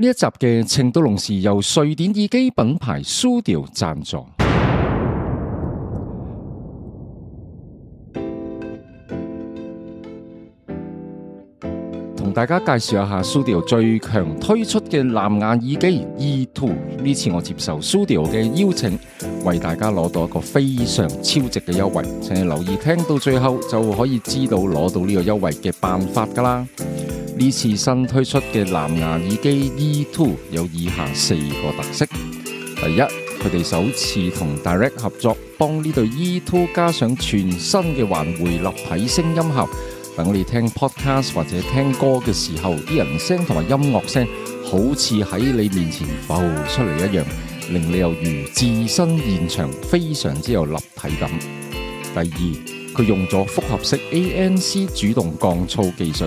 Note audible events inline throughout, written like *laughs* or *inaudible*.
呢一集嘅《程度龍時》由瑞典耳機品牌 Sudio 贊助，同 *noise* 大家介紹一下 Sudio 最強推出嘅藍牙耳機 E Two。呢次我接受 Sudio 嘅邀請，為大家攞到一個非常超值嘅優惠，請你留意聽到最後就可以知道攞到呢個優惠嘅辦法㗎啦。呢次新推出嘅藍牙耳機 E Two 有以下四個特色：第一，佢哋首次同 Direct 合作，幫呢對 E Two 加上全新嘅環迴立體聲音盒，等你聽 Podcast 或者聽歌嘅時候，啲人聲同埋音樂聲好似喺你面前浮出嚟一樣，令你猶如置身現場，非常之有立體感。第二，佢用咗複合式 ANC 主動降噪技術。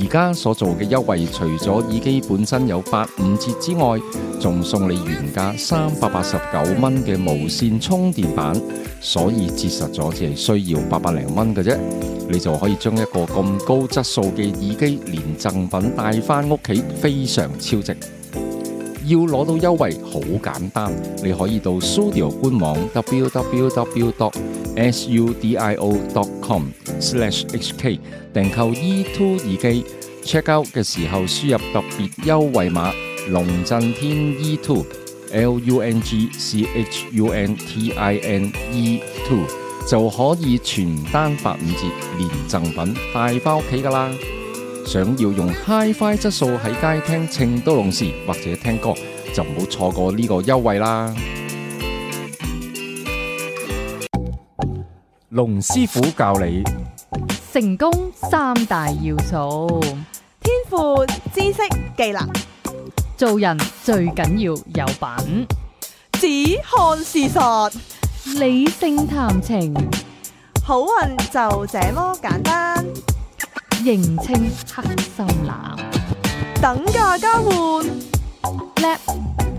而家所做嘅優惠，除咗耳機本身有八五折之外，仲送你原價三百八十九蚊嘅無線充電板，所以節實咗只係需要八百零蚊嘅啫，你就可以將一個咁高質素嘅耳機連贈品帶翻屋企，非常超值。要攞到優惠好簡單，你可以到 Sudio 官網 www.sudio.com/hk 訂購 E2 耳機，check out 嘅時候輸入特別優惠碼龍震天 E2，LungchuntinE2 就可以全單八五折，連贈品帶翻屋企噶啦。想要用 HiFi 質素喺街聽《情都弄事》，或者聽歌，就唔好錯過呢個優惠啦！龍師傅教你成功三大要素：天賦、知識、技能。做人最緊要有品，只看事實，理性談情，好運就這麼簡單。認清黑心男，等價交換，lap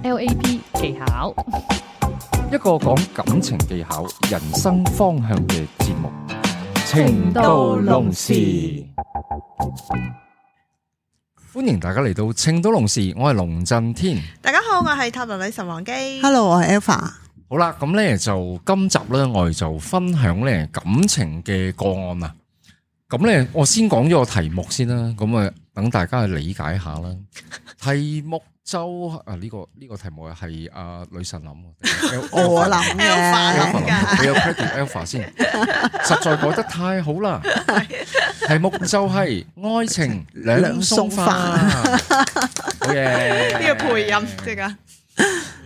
lap 技巧，一個講感情技巧、人生方向嘅節目。情到濃時，歡迎大家嚟到情到濃時，我係龍震天。大家好，我係塔羅女神王姬。Hello，我係 Alpha。好啦，咁呢就今集呢，我哋就分享呢感情嘅個案啊。咁咧，我先講咗個題目先啦，咁啊，等大家去理解下啦。題目就啊呢個呢個題目係阿女神諗，我諗嘅，你有 credit alpha 先，實在改得太好啦。題目就係愛情兩餸飯，好嘅，呢個配音點啊？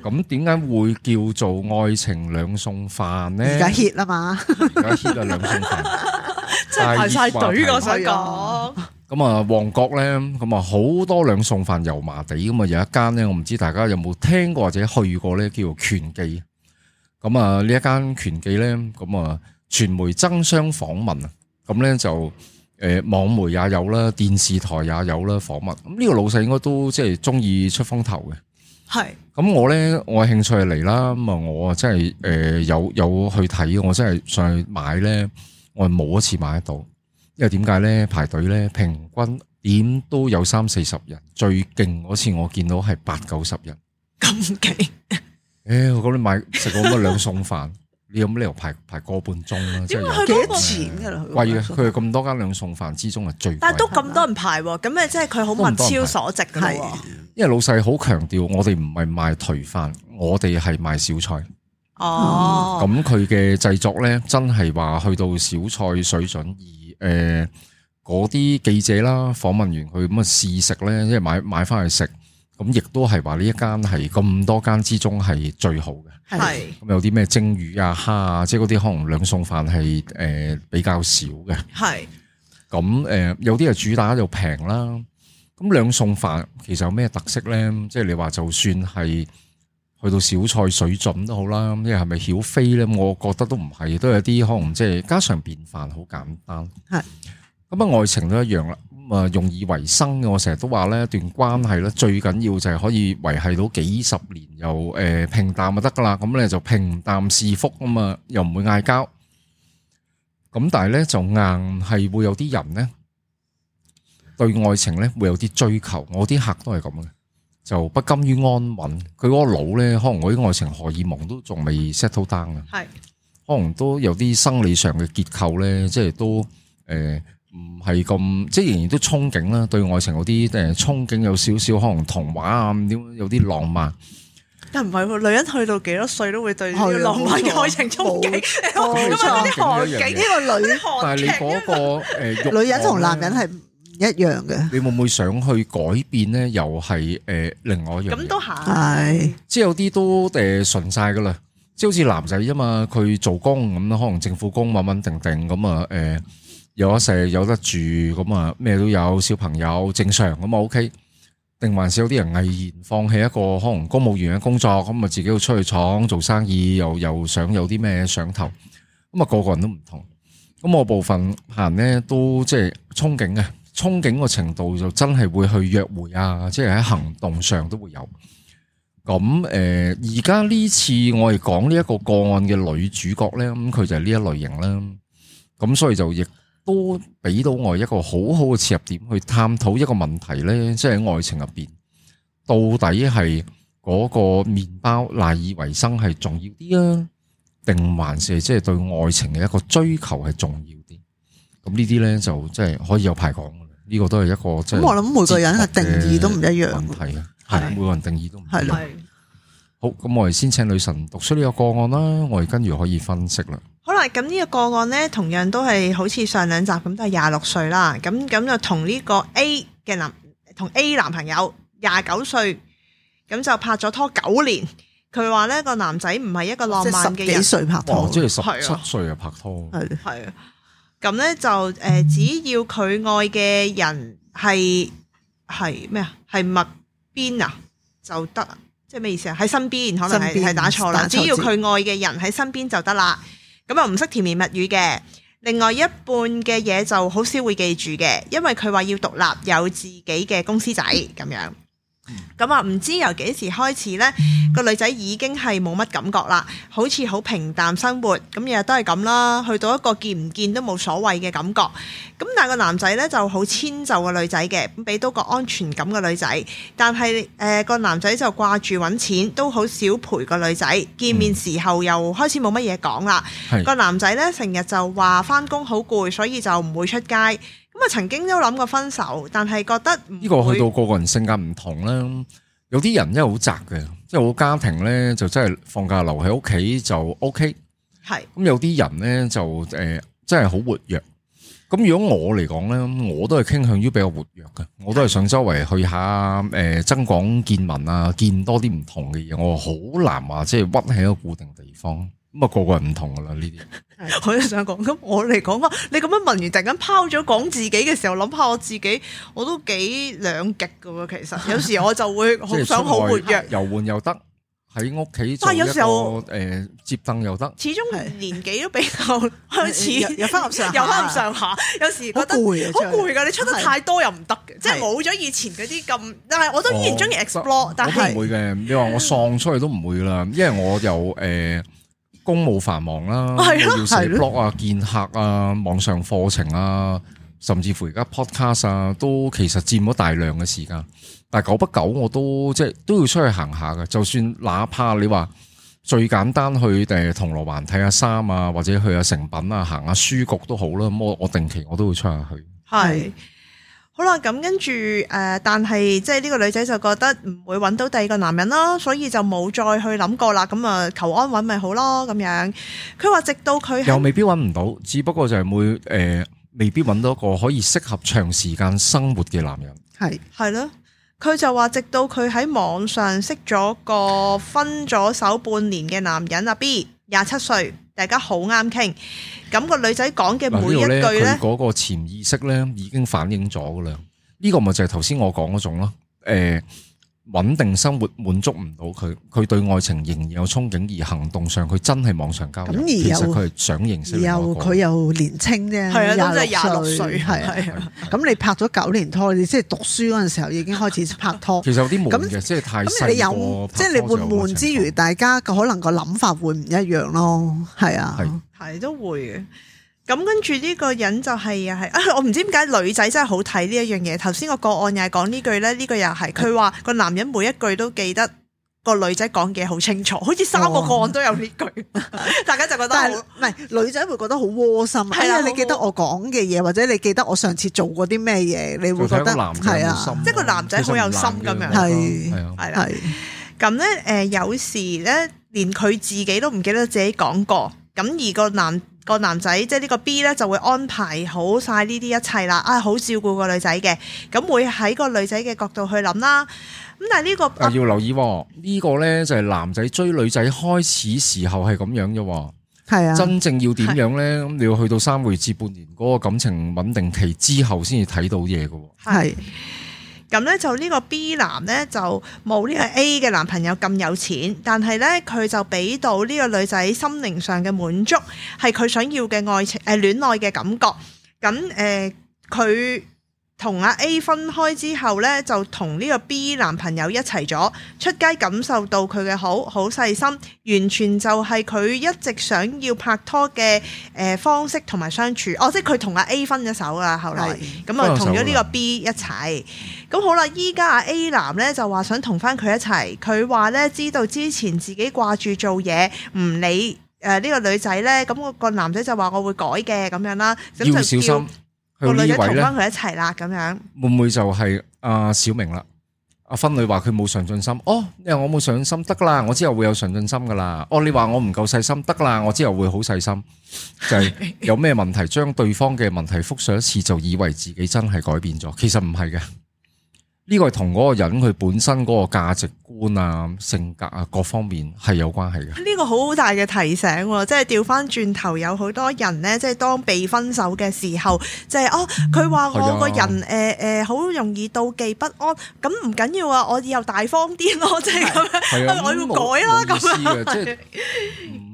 咁點解會叫做愛情兩餸飯咧？而家 hit 啦嘛，而家 hit 啊兩餸飯。即係排晒隊，我想講。咁啊，旺角咧，咁啊好多兩餸飯，油麻地咁啊有一間咧，我唔知大家有冇聽過或者去過咧，叫拳記。咁啊呢一間拳記咧，咁啊傳媒爭相訪問啊，咁咧就誒網媒也有啦，電視台也有啦，訪問咁呢、呢個老細應該都即係中意出風頭嘅。係是。咁我咧，我興趣嚟啦，咁啊我即係誒有有去睇，我真係上去，去買咧。我係冇一次買得到，因為點解咧？排隊咧，平均點都有三四十人，最勁嗰次我見到係八九十人，咁勁。誒、哎，咁你買食個乜兩餸飯？ *laughs* 你有乜理由排排個半鐘啊？點解佢幾多錢噶啦？喂、哎，佢咁多間兩餸飯之中係最，但係都咁多人排喎，咁咪即係佢好物超所值噶喎。因為老細好強調，我哋唔係賣頹飯，我哋係賣小菜。哦，咁佢嘅製作咧，真係話去到小菜水準，而誒嗰啲記者啦，訪問完佢咁啊試食咧，即係買買翻去食，咁亦都係話呢一間係咁多間之中係最好嘅。係咁是有啲咩蒸魚啊、蝦啊，即係嗰啲可能兩餸飯係誒比較少嘅。係咁誒，有啲係主打就平啦。咁兩餸飯其實有咩特色咧？即係你話就算係。去到小菜水準都好啦，是是曉，呢係咪曉飛咧？我覺得都唔係，都有啲可能即係家常便飯，好簡單。係咁啊，愛情都一樣啦。咁啊，容易維生嘅，我成日都話咧，一段關係咧最緊要就係可以維繫到幾十年又，又、呃、誒平淡就得噶啦。咁、嗯、咧就平淡是福啊嘛，又唔會嗌交。咁、嗯、但係咧就硬係會有啲人咧，對愛情咧會有啲追求。我啲客都係咁嘅。就不甘於安穩，佢嗰個腦咧，可能我啲愛情荷爾蒙都仲未 settle down 啊，係，可能都有啲生理上嘅結構咧，即係都誒唔係咁，即係仍然都憧憬啦，對愛情嗰啲誒憧憬有少少，可能童話啊，點有啲浪漫。但唔係喎，女人去到幾多歲都會對浪漫嘅愛情憧憬，係咪嗰啲荷爾？呢個女，但係你嗰看個女人同劇男人係。一樣嘅，你會唔會想去改變咧？又係誒，另外一樣，咁都行，係即係有啲都誒純晒噶啦，即係好似男仔啫嘛，佢做工咁啦，可能政府工穩穩定定咁啊，誒，有一世有得住咁啊，咩都有，小朋友正常咁啊，O K，定還是有啲人毅然放棄一個可能公務員嘅工作，咁啊，自己要出去闖做生意，又又想有啲咩想頭，咁啊，個個人都唔同，咁我部分行咧都即係憧憬嘅。憧憬嘅程度就真係會去約會啊，即係喺行動上都會有。咁誒，而家呢次我哋講呢一個個案嘅女主角咧，咁佢就係呢一類型啦。咁所以就亦都俾到我一個好好嘅切入點去探討一個問題咧，即係愛情入邊到底係嗰個麵包賴以為生係重要啲啊，定還是即係對愛情嘅一個追求係重要啲？咁呢啲咧就即係可以有排講。呢個都係一個即係，咁我諗每個人係定義都唔一樣嘅，係的的每個人定義都唔一樣。的好，咁我哋先請女神讀出呢個個案啦，我哋跟住可以分析啦。好啦，咁呢個個案咧，同樣都係好似上兩集咁，都係廿六歲啦。咁咁就同呢個 A 嘅男，同 A 男朋友廿九歲，咁就拍咗拖九年。佢話咧個男仔唔係一個浪漫嘅人，十幾歲拍拖，即係十七歲啊，拍拖係係啊。咁咧就誒，只要佢愛嘅人係係咩啊？係物邊啊就得啊？即係咩意思啊？喺身邊可能係係身邊 打錯啦。只要佢愛嘅人喺身邊就得啦。咁啊唔識甜言蜜語嘅，另外一半嘅嘢就好少會記住嘅，因為佢話要獨立，有自己嘅公司仔咁樣。咁啊，唔、嗯、知由幾時開始呢個、嗯、女仔已經係冇乜感覺啦，好似好平淡生活，咁日日都係咁啦。去到一個見唔見都冇所謂嘅感覺。咁但係個男仔呢就好遷就個女仔嘅，俾到個安全感嘅女仔。但係誒個男仔就掛住揾錢，都好少陪個女仔。見面時候又開始冇乜嘢講啦。嗯、個男仔呢成日就話翻工好攰，所以就唔會出街。咁啊，曾經都諗過分手，但係覺得呢個去到個個人性格唔同啦。有啲人真係好宅嘅，即係好家庭咧就真係放假留喺屋企就 OK 是。係咁有啲人咧就誒、呃、真係好活躍。咁如果我嚟講咧，我都係傾向於比較活躍嘅，我都係想周圍去下誒、呃、增廣見聞啊，見多啲唔同嘅嘢。我好難話即係屈喺一個固定地方。咁啊，個個人唔同噶啦，呢啲。我都想講，咁我嚟講返，你咁樣問完，突然間拋咗講自己嘅時候，諗下我自己，我都幾兩極噶喎。其實有時我就會好想好活躍，又玩又得喺屋企，但係有時我誒接凳又得。始終年紀都比較開始，又翻咁上，又翻咁上下。有時覺得好攰，好攰噶你出得太多又唔得嘅，即係冇咗以前嗰啲咁。但係我都依然中意 explore。但係唔會嘅，你話我喪出去都唔會啦，因為我有誒。公務繁忙啦，的要寫 blog 啊的、見客啊、網上課程啊，甚至乎而家 podcast 啊，都其實佔咗大量嘅時間。但係久不久我都即係都要出去行下㗎，就算哪怕你話最簡單去誒銅鑼灣睇下衫啊，或者去下誠品啊，行下書局都好啦。咁我我定期我都會出下去。係。好啦，咁跟住，誒、呃，但係即係呢個女仔就覺得唔會揾到第二個男人咯，所以就冇再去諗過啦。咁啊，求安穩咪好咯，咁樣。佢話直到佢又未必揾唔到，只不過就係未誒未必揾到一個可以適合長時間生活嘅男人。係係咯，佢就話直到佢喺網上識咗個分咗手半年嘅男人啊 B，廿七歲。大家好啱傾，咁個女仔講嘅每一句咧，嗰個潛意識咧已經反映咗噶啦。呢個咪就係頭先我講嗰種咯，誒。穩定生活滿足唔到佢，佢對愛情仍然有憧憬，而行動上佢真係網上交友。其實佢想認識。又佢又年青啫，係啊，廿六歲。係啊，咁你拍咗九年拖，你即係讀書嗰陣時候已經開始拍拖。其實有啲悶嘅，即係太細個。即係你悶悶之餘，大家可能個諗法會唔一樣咯。係啊，係都會嘅。咁跟住呢個人就係又係，我唔知點解女仔真係好睇呢一樣嘢。頭先個個案又係講呢句咧，呢個又係佢話個男人每一句都記得個女仔講嘢好清楚，好似三個個案都有呢句，哦、大家就覺得唔係是女仔會覺得好窩心。係啦、哎呀，啊、你記得我講嘅嘢，或者你記得我上次做過啲咩嘢，你會覺得係啊，即係個男仔好有心咁樣。係係係。咁咧、啊，誒、啊啊啊、有時咧，連佢自己都唔記得自己講過。咁而個男。個男仔即係呢個 B 呢，就會安排好晒呢啲一切啦。啊，好照顧個女仔嘅，咁會喺個女仔嘅角度去諗啦。咁但係呢、呢個要留意，呢、呢個呢，就係男仔追女仔開始時候係咁樣嘅。係啊，真正要點樣呢？咁你、啊、要去到三個月至半年嗰個感情穩定期之後，先至睇到嘢㗎。係、啊。咁咧就呢個 B 男咧就冇呢個 A 嘅男朋友咁有錢，但係咧佢就俾到呢個女仔心靈上嘅滿足，係佢想要嘅愛情誒、呃、戀愛嘅感覺。咁誒佢。呃同阿 A 分開之後呢，就同呢個 B 男朋友一齊咗，出街感受到佢嘅好好細心，完全就係佢一直想要拍拖嘅誒方式同埋相處。哦，即係佢同阿 A 分咗手啊，是後來咁啊，同咗呢個 B 一齊。咁好啦，依家阿 A 男呢，就話想同翻佢一齊，佢話呢，知道之前自己掛住做嘢唔理誒呢個女仔呢。咁個男仔就話我會改嘅咁樣啦，咁就叫。女同佢一齊啦。噉樣，會唔會就係阿小明啦？阿芬女話佢冇上進心，哦，因為我冇上進心得啦，我之後會有上進心噶啦。哦，你話我唔夠細心得啦，我之後會好細心。就係、是、有咩問題，將對方嘅問題覆上一次，就以為自己真係改變咗，其實唔係嘅。呢個係同嗰個人佢本身嗰個價值觀啊、性格啊各方面係有關係嘅。呢個好大嘅提醒，即係調返轉頭，有好多人咧，即係當被分手嘅時候，即係哦，佢話我個人誒誒好容易妒忌不安，咁唔、嗯啊、緊要啊，我以後大方啲咯，即係咁樣，啊、我要改咯咁樣。唔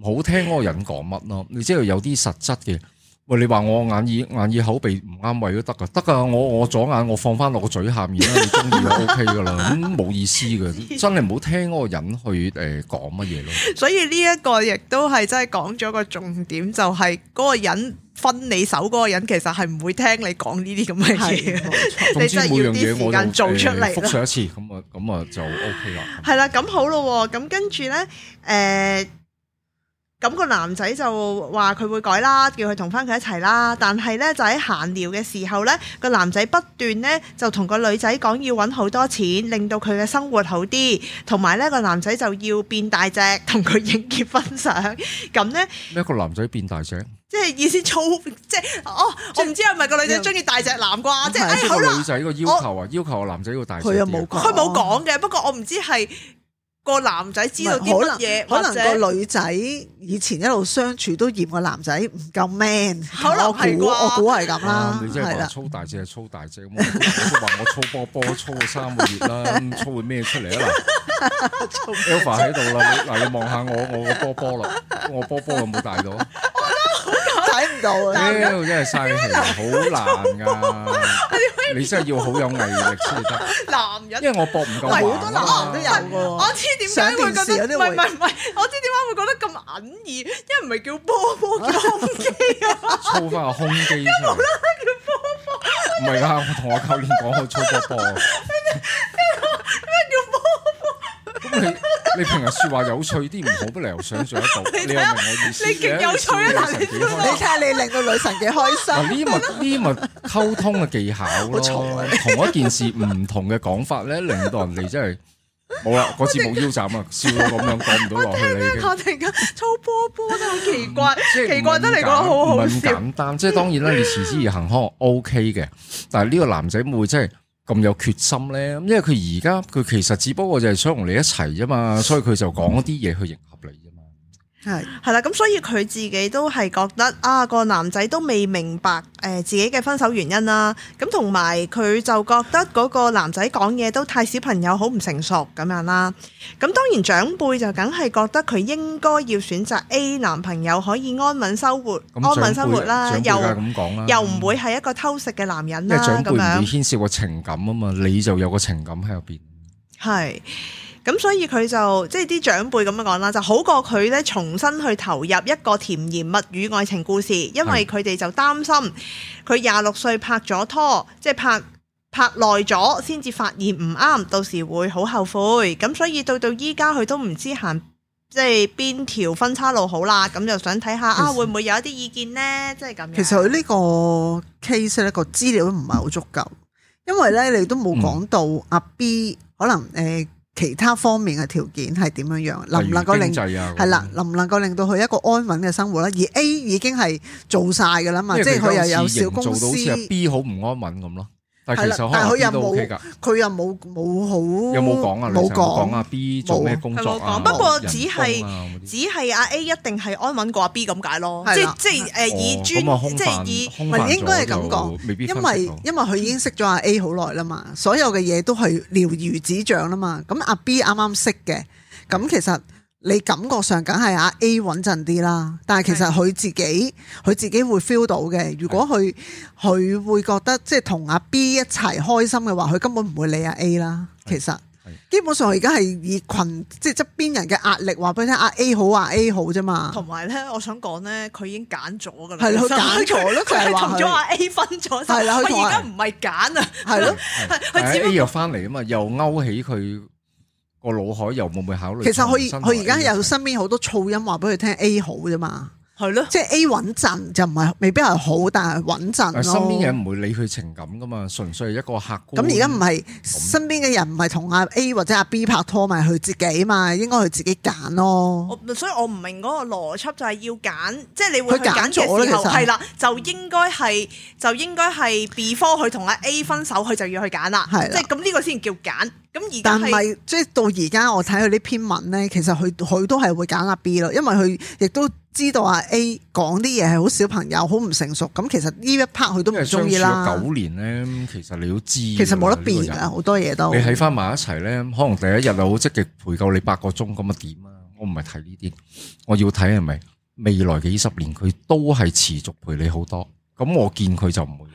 好、嗯就是、聽嗰個人講乜咯，你知道有啲實質嘅。喂，你話我眼耳眼耳口鼻唔啱位都得噶？得噶，我我左眼我放翻落個嘴下面啦，你中意就 OK 噶啦。咁冇意思噶，真係唔好聽嗰個人去誒講乜嘢咯。所以呢一個亦都係真係講咗個重點，就係嗰個人分你手嗰個人，其實係唔會聽你講呢啲咁嘅嘢。你真係要啲時間做出嚟。復上一次，咁啊咁啊就 OK 啦。係啦，咁好咯，咁跟住咧，誒。咁個男仔就話佢會改啦，叫佢同翻佢一齊啦。但係咧，就喺閒聊嘅時候咧，個男仔不斷咧就同個女仔講要揾好多錢，令到佢嘅生活好啲。同埋咧，個男仔就要變大隻，同佢影結婚相。咁呢，一個男仔變大隻，即係意思粗，即係哦，我唔知係咪個女仔中意大隻男啩？嗯、即係好、嗯哎、女仔個要求啊，哦、要求個男仔要大隻啲。佢又冇佢冇講嘅，啊、不過我唔知係。個男仔知道啲乜嘢，可能個女仔以前一路相處都嫌個男仔唔夠 man。可能係啩？我估係咁啦。你真係話粗大隻係粗大隻，咁我都話我粗波波粗三個月啦，咁粗會咩出嚟啊？嗱，Alpha 喺度啦，嗱，你望下我我個波波啦，我波波有冇大到？我睇唔到啊！真係嘥氣，好難噶。你真係要好有毅力先得。男人，因為我搏唔夠。維好多男人都有噶。我知。點解會覺得唔係唔係？我知點解會覺得咁隱意，因為唔係叫波波叫胸肌啊，操翻個胸肌，無啦啦叫波波。唔係噶，我同我教練講，我操波波。咩咩叫波波？你你平日說話有趣啲唔好，不嚟，由想像得到。你明我意思你極有趣啊！你你睇下，你令到女神幾開心。呢啲咪呢啲咪溝通嘅技巧咯，同一件事唔同嘅講法咧，令到人哋真係。好啦，嗰次冇腰斬啊，笑到咁樣講唔到去你。 *laughs* 我聽突然間操波波都好奇怪，不奇怪得嚟講好好笑。咁簡單， *laughs* 即係當然啦，你持之以恆可 OK 嘅。但係呢個男仔會唔會真係咁有決心咧？因為佢而家佢其實只不過就係想同你一齊啫嘛，所以佢就講一啲嘢去迎合。係，係啦，咁所以佢自己都係覺得啊，個男仔都未明白誒自己嘅分手原因啦，咁同埋佢就覺得嗰個男仔講嘢都太小朋友，好唔成熟咁樣啦。咁當然長輩就梗係覺得佢應該要選擇 A 男朋友可以安穩生活，安穩生活啦，又唔、嗯、會係一個偷食嘅男人啦。咁樣，長輩唔會牽涉個情感啊嘛，嗯、你就有個情感喺入邊。係。咁所以佢就即係啲長輩咁樣講啦，就好過佢咧重新去投入一個甜言蜜語愛情故事，因為佢哋就擔心佢廿六歲拍咗拖，即係拍拍耐咗先至發現唔啱，到時會好後悔。咁所以到到依家佢都唔知行即係邊條分叉路好啦。咁就想睇下啊，會唔會有一啲意見呢？即係咁樣。其實佢呢個 case 咧個資料都唔係好足夠，因為咧你都冇講到阿 B 可能誒。呃其他方面嘅條件係點樣樣，啊、能唔能夠令係啦，啊、的能唔能夠令到佢一個安穩嘅生活咧？而 A 已經係做晒噶啦嘛，即係佢又有小公司好，B 好唔安穩咁咯。但係其實但係佢又冇，佢又冇冇好，有冇講啊？冇講啊？阿 B 做咩工作啊？不過只係、啊、只係阿 A 一定係安穩過阿 B 咁解咯。的即即誒以專，哦、即係以唔係應該係咁講，因為因為佢已經識咗阿 A 好耐啦嘛，所有嘅嘢都係了如指掌啦嘛。咁阿 B 啱啱識嘅，咁其實。你感覺上梗係阿 A 穩陣啲啦，但係其實佢自己佢自己會 feel 到嘅。如果佢佢會覺得即係同阿 B 一齊開心嘅話，佢根本唔會理阿 A 啦。其實基本上而家係以群即係側邊人嘅壓力話俾你聽，阿 A 好阿 A 好啫嘛。同埋咧，我想講咧，佢已經揀咗㗎啦。係佢揀咗啦，佢係同咗阿 A 分咗。係啦，佢而家唔係揀啊。係佢係 A 又翻嚟啊嘛，又勾起佢。我腦海又冇會考慮？其實佢佢而家有身邊好多噪音話俾佢聽 A 好啫嘛。係咯，即係 A 穩陣就唔係未必係好，但係穩陣。身邊嘅人唔會理佢情感噶嘛，純粹係一個客觀。咁而家唔係身邊嘅人唔係同阿 A 或者阿 B 拍拖，咪佢自己嘛？應該佢自己揀咯。所以我唔明嗰個邏輯就係要揀，即係你會揀左之後，係啦，就應該係就應該係 before 佢同阿 A 分手，佢就要去揀啦。係即係咁呢個先叫揀。咁而但係即係到而家我睇佢呢篇文咧，其實佢佢都係會揀阿 B 咯，因為佢亦都。知道啊 A 講啲嘢係好小朋友，好唔成熟，咁其實呢一 part 佢都唔中意啦。因為九年咧，其實你都知，其實冇得變噶，好多嘢都。你喺翻埋一齊咧，可能第一日好積極陪夠你八個鐘咁啊點啊？我唔係睇呢啲，我要睇係咪未來幾十年佢都係持續陪你好多，咁我見佢就唔會。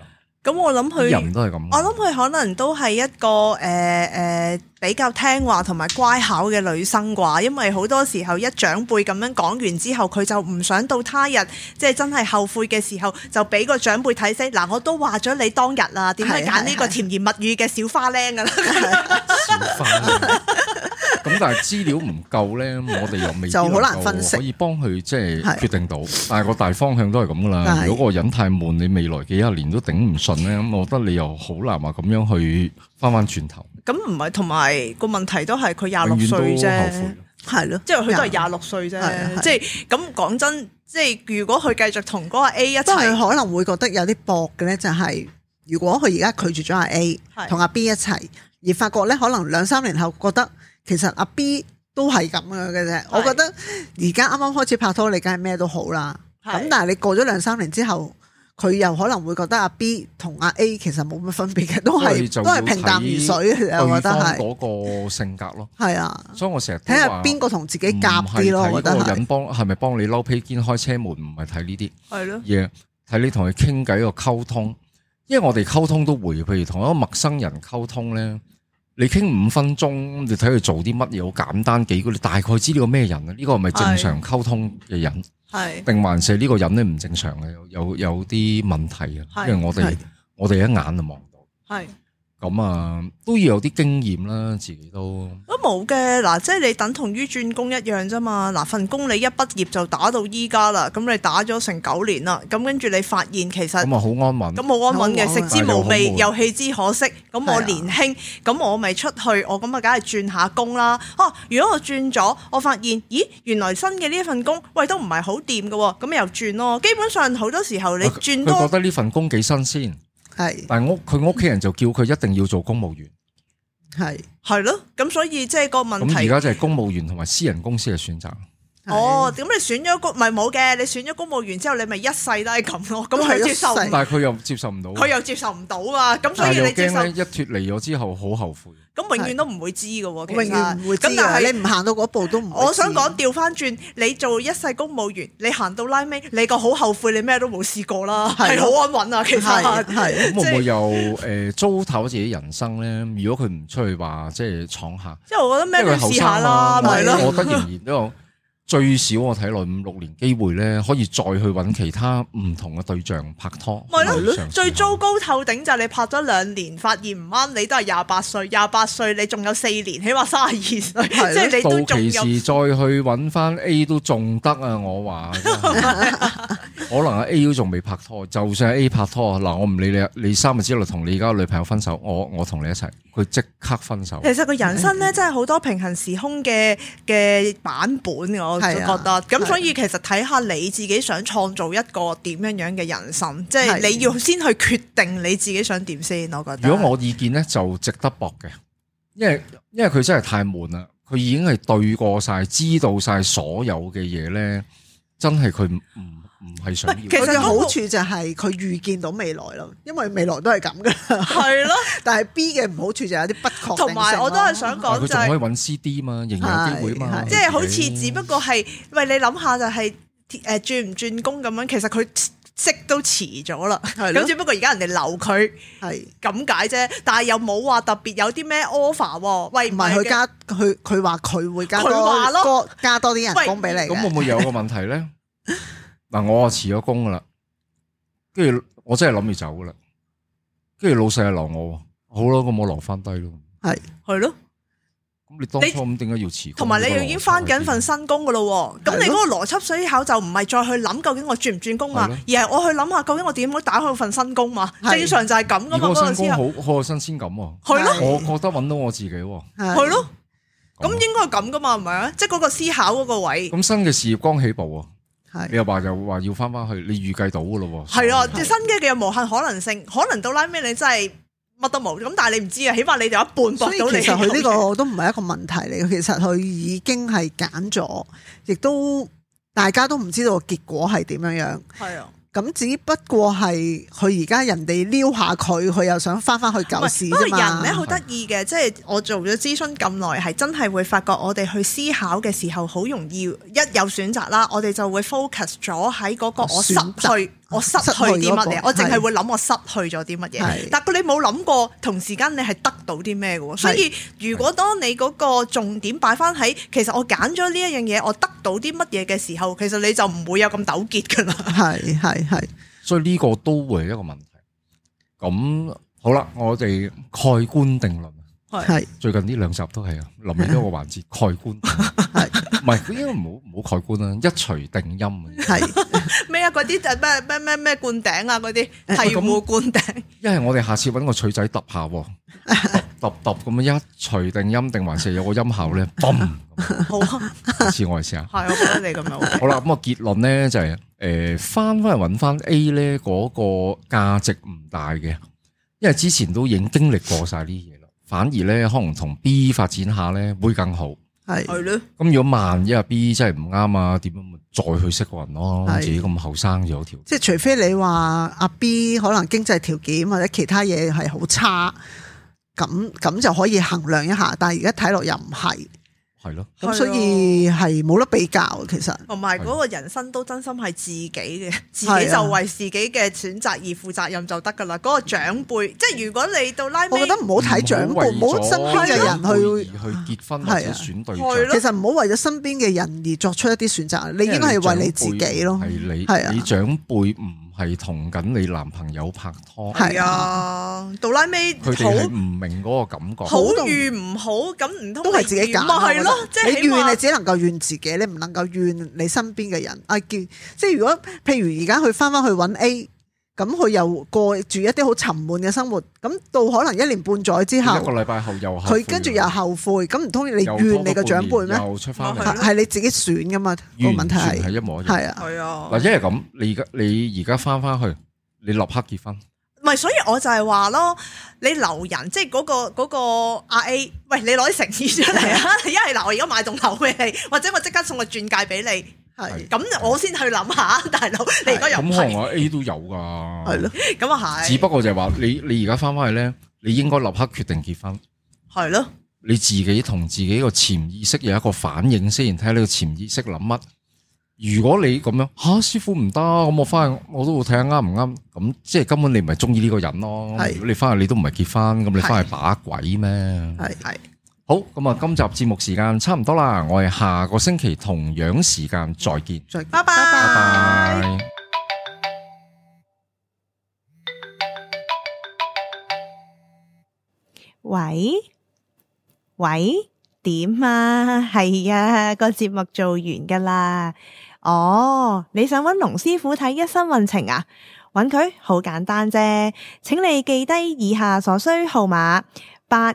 咁我諗佢，人都我諗佢可能都係一個誒誒、呃呃、比較聽話同埋乖巧嘅女生啩，因為好多時候一長輩咁樣講完之後，佢就唔想到他日即係、就是、真係後悔嘅時候，就俾個長輩睇。死嗱，我都話咗你當日啊，點解揀呢個甜言蜜語嘅小花僆噶啦？咁但係資料唔夠咧，我哋又未就好難分析，可以幫佢即係決定到。但係個大方向都係咁噶啦。如果個人太悶，你未來幾廿年都頂唔順咧，咁我覺得你又好難話咁樣去翻翻轉頭。咁唔係，同埋個問題都係佢廿六歲啫，係咯，即係佢都係廿六歲啫。即係咁講真，即係如果佢繼續同嗰個 A 一齊，可能會覺得有啲搏嘅咧，就係如果佢而家拒絕咗阿 A，同阿 B 一齊，而發覺咧可能兩三年後覺得。其實阿 B 都係咁樣嘅啫，是的 我覺得而家啱啱開始拍拖，你梗係咩都好啦。咁是的 但係你過咗兩三年之後，佢又可能會覺得阿 B 同阿 A 其實冇乜分別嘅，都係都係平淡如水。我覺得係嗰個性格咯，係啊的，所以我成日睇下邊個同自己夾啲咯。我覺得人幫係咪幫你嬲披肩、開車門，唔係睇呢啲，係咯嘢，睇你同佢傾偈個溝通，因為我哋溝通都會，譬如同一個陌生人溝通咧。你傾五分鐘，你睇佢做啲乜嘢好簡單，幾個你大概知呢個咩人咧？呢、這個係咪正常溝通嘅人？係是，定還是呢個人咧唔正常嘅？有有有啲問題嘅，是因為我哋是我哋一眼就望到。係。咁啊，都要有啲經驗啦，自己都都冇嘅。嗱、啊，即係你等同於轉工一樣啫嘛。嗱、啊，份工你一畢業就打到依家啦，咁你打咗成九年啦，咁跟住你發現其實咁啊好安穩，咁冇安穩嘅食之無味又棄之可惜。咁我年輕，咁、啊、我咪出去，我咁啊，梗係轉下工啦。哦、啊，如果我轉咗，我發現咦，原來新嘅呢一份工喂都唔係好掂噶，咁又轉咯。基本上好多時候你轉多，佢、啊、覺得呢份工幾新鮮。但係我佢屋企人就叫佢一定要做公務員，係係咯，咁所以即係個問題，而家就係公務員同埋私人公司嘅選擇。哦，咁你選咗公咪冇嘅，你選咗公務員之後，你咪一世都係咁咯。咁佢接受唔，但係佢又接受唔到。佢又接受唔到啊！咁所以你接受一脫離咗之後，好後悔。咁永遠都唔會知嘅喎，永遠唔會知啊！咁但係你唔行到嗰步都唔。我想講調翻轉，你做一世公務員，你行到拉尾，你個好後悔，你咩都冇試過啦，係好安穩啊，其實。係係。會唔會又誒糟蹋自己人生咧？如果佢唔出去話，即係闖下。即係我覺得咩都試下啦，咪咯。我覺得仍然都。最少我睇落五六年機會咧，可以再去揾其他唔同嘅對象拍拖。咪咯了，最糟糕透頂就係你拍咗兩年，發現唔啱，你都係廿八歲，廿八歲你仲有四年，起碼三十二歲，即係了你都仲有。到其時再去揾翻 A 都仲得啊！我話， *laughs* 可能啊 A 仲未拍拖，就算 A 拍拖，嗱我唔理你，你三日之內同你而家女朋友分手，我我同你一齊，佢即刻分手。其實個人生咧真係好多平行時空嘅嘅版本、哎、呀我。我就覺得咁，啊、所以其實睇下你自己想創造一個點樣樣嘅人生，即係、啊、你要先去決定你自己想點先。我覺得如果我意見咧，就值得搏嘅，因為因為佢真係太悶啦，佢已經係對過晒、知道晒所有嘅嘢咧，真係佢唔。.唔係想要，其實好處就係佢預見到未來咯，因為未來都係咁噶。係咯的，但係 B 嘅唔好處就有啲不確定性。同埋我都係想講就係、是、佢、啊、仲可以搵 C D 嘛，仍然有機會嘛。即係好似只不過係喂，你諗下就係誒轉唔轉工咁樣，其實佢識都遲咗啦。咁的只不過家的而家人哋留佢係咁解啫，但係又冇話特別有啲咩 offer 的。喂，唔係佢加佢佢話佢會加多咯，加多加多啲人工俾你。咁會唔會有個問題咧？ *laughs* 嗱，我啊，辭咗工噶啦，跟住我真係諗住走噶啦，跟住老細就留我，好咯，我冇留翻低咯，係係咯。咁你當初咁點解要辭工？同埋你又已經翻緊份新工噶咯，咁你嗰個邏輯思考就唔係再去諗究竟我轉唔轉工嘛，而係我去諗下究竟我點樣打開份新工嘛。正常就係咁噶嘛。嗰個新工好，好有新鮮感啊。係咯，我覺得揾到我自己喎。係咯，咁應該係咁噶嘛，係咪？啊？即係嗰個思考嗰個位。咁新嘅事業剛起步啊。你阿爸就話要翻翻去，你預計到嘅咯喎？係啊，即新機嘅無限可能性，可能到拉尾你真係乜都冇。咁但係你唔知啊，起碼你有一半搏到你。所以其實佢呢個都唔係一個問題嚟嘅，其實佢已經係揀咗，亦都大家都唔知道結果係點樣樣。係啊。咁只不過係佢而家人哋撩下佢，佢又想翻翻去舊時啫嘛。不過人咧好得意嘅，即係的我做咗諮詢咁耐，係真係會發覺我哋去思考嘅時候，好容易一有選擇啦，我哋就會 focus 咗喺嗰個我失去。選我失去啲乜嘢？我淨係會諗我失去咗啲乜嘢，但係你冇諗過同時間你係得到啲咩嘅？所以如果當你嗰個重點擺翻喺，其實我揀咗呢一樣嘢，我得到啲乜嘢嘅時候，其實你就唔會有咁糾結噶啦。係係係，所以呢個都會係一個問題。咁好啦，我哋蓋棺定論啊。係最近呢兩集都係啊，臨尾一個環節蓋棺。唔係，佢應該唔好唔好蓋棺啦，一錘定音。係咩啊？嗰啲就咩咩咩咩灌頂啊，嗰啲醍醐灌頂。一係我哋下次搵個錘仔揼下，揼揼咁樣一錘定音，定還是有個音效咧？嘣。 *laughs* 好似我哋先啊。係 *laughs* 我覺得你咁樣。Okay、好啦，咁、那、啊、個、結論咧就係、是、誒，翻翻嚟搵翻 A 咧嗰個價值唔大嘅，因為之前都已經經歷過晒啲嘢啦，反而咧可能同 B 發展下咧會更好。係，咁如果萬一阿 B 真係唔啱啊，點樣咪再去識個人咯？的自己咁後生就有條，即係除非你話阿 B 可能經濟條件或者其他嘢係好差，咁咁就可以衡量一下。但係而家睇落又唔係。係咯，咁所以係冇得比較，其實同埋嗰個人生都真心係自己嘅，的自己就為自己嘅選擇而負責任就得㗎喇。嗰、嗰個長輩，即係如果你到拉，我覺得唔好睇長輩，唔好身邊嘅人去的去結婚選對，係啊，其實唔好為咗身邊嘅人而作出一啲選擇，的你應該係為你自己咯，係你，你，係啊，你長輩唔。係同緊你男朋友拍拖，係啊，啊到拉尾佢哋好唔明嗰個感覺，好與唔好，咁唔通都係自己揀咪係咯。即係你怨的你只能夠怨自己，的你唔能夠怨你身邊嘅人。阿杰的，即係如果譬如而家佢翻翻去揾 A。咁佢又過住一啲好沉悶嘅生活，咁到可能一年半載之後，一個禮拜後又佢跟住又後悔，咁唔通你怨你個長輩咩？又出翻嚟，係你自己選㗎嘛？個問題係一模一樣。係啊，嗱，因為咁，你而家你而家翻翻去，你立刻結婚，唔係，所以我就係話咯，你留人，即係嗰個嗰個阿 A，喂，你攞啲誠意出嚟啊！一係嗱，我而家買棟樓俾你，或者我即刻送個鑽戒俾你。係咁，我先去諗下，大佬，你而家有？咁我 A 都有噶。係咯，咁啊係。只不過就係話你，你而家翻翻去咧，你應該立刻決定結婚。係咯的。你自己同自己個潛意識有一個反應，先睇下你個潛意識諗乜。如果你咁樣吓、啊，師傅唔得，咁我翻去我都會睇下啱唔啱。咁即係根本你唔係中意呢個人咯。的如果你翻去你都唔係結婚，咁你翻去把鬼咩？係係。好，咁啊，今集節目時間差唔多啦，我哋下個星期同樣時間再見，再見，拜拜拜拜。喂喂，點啊？係呀，個節目做完噶啦。哦，你想揾龍師傅睇一生運程啊？揾佢好簡單啫，請你記低以下所需號碼八。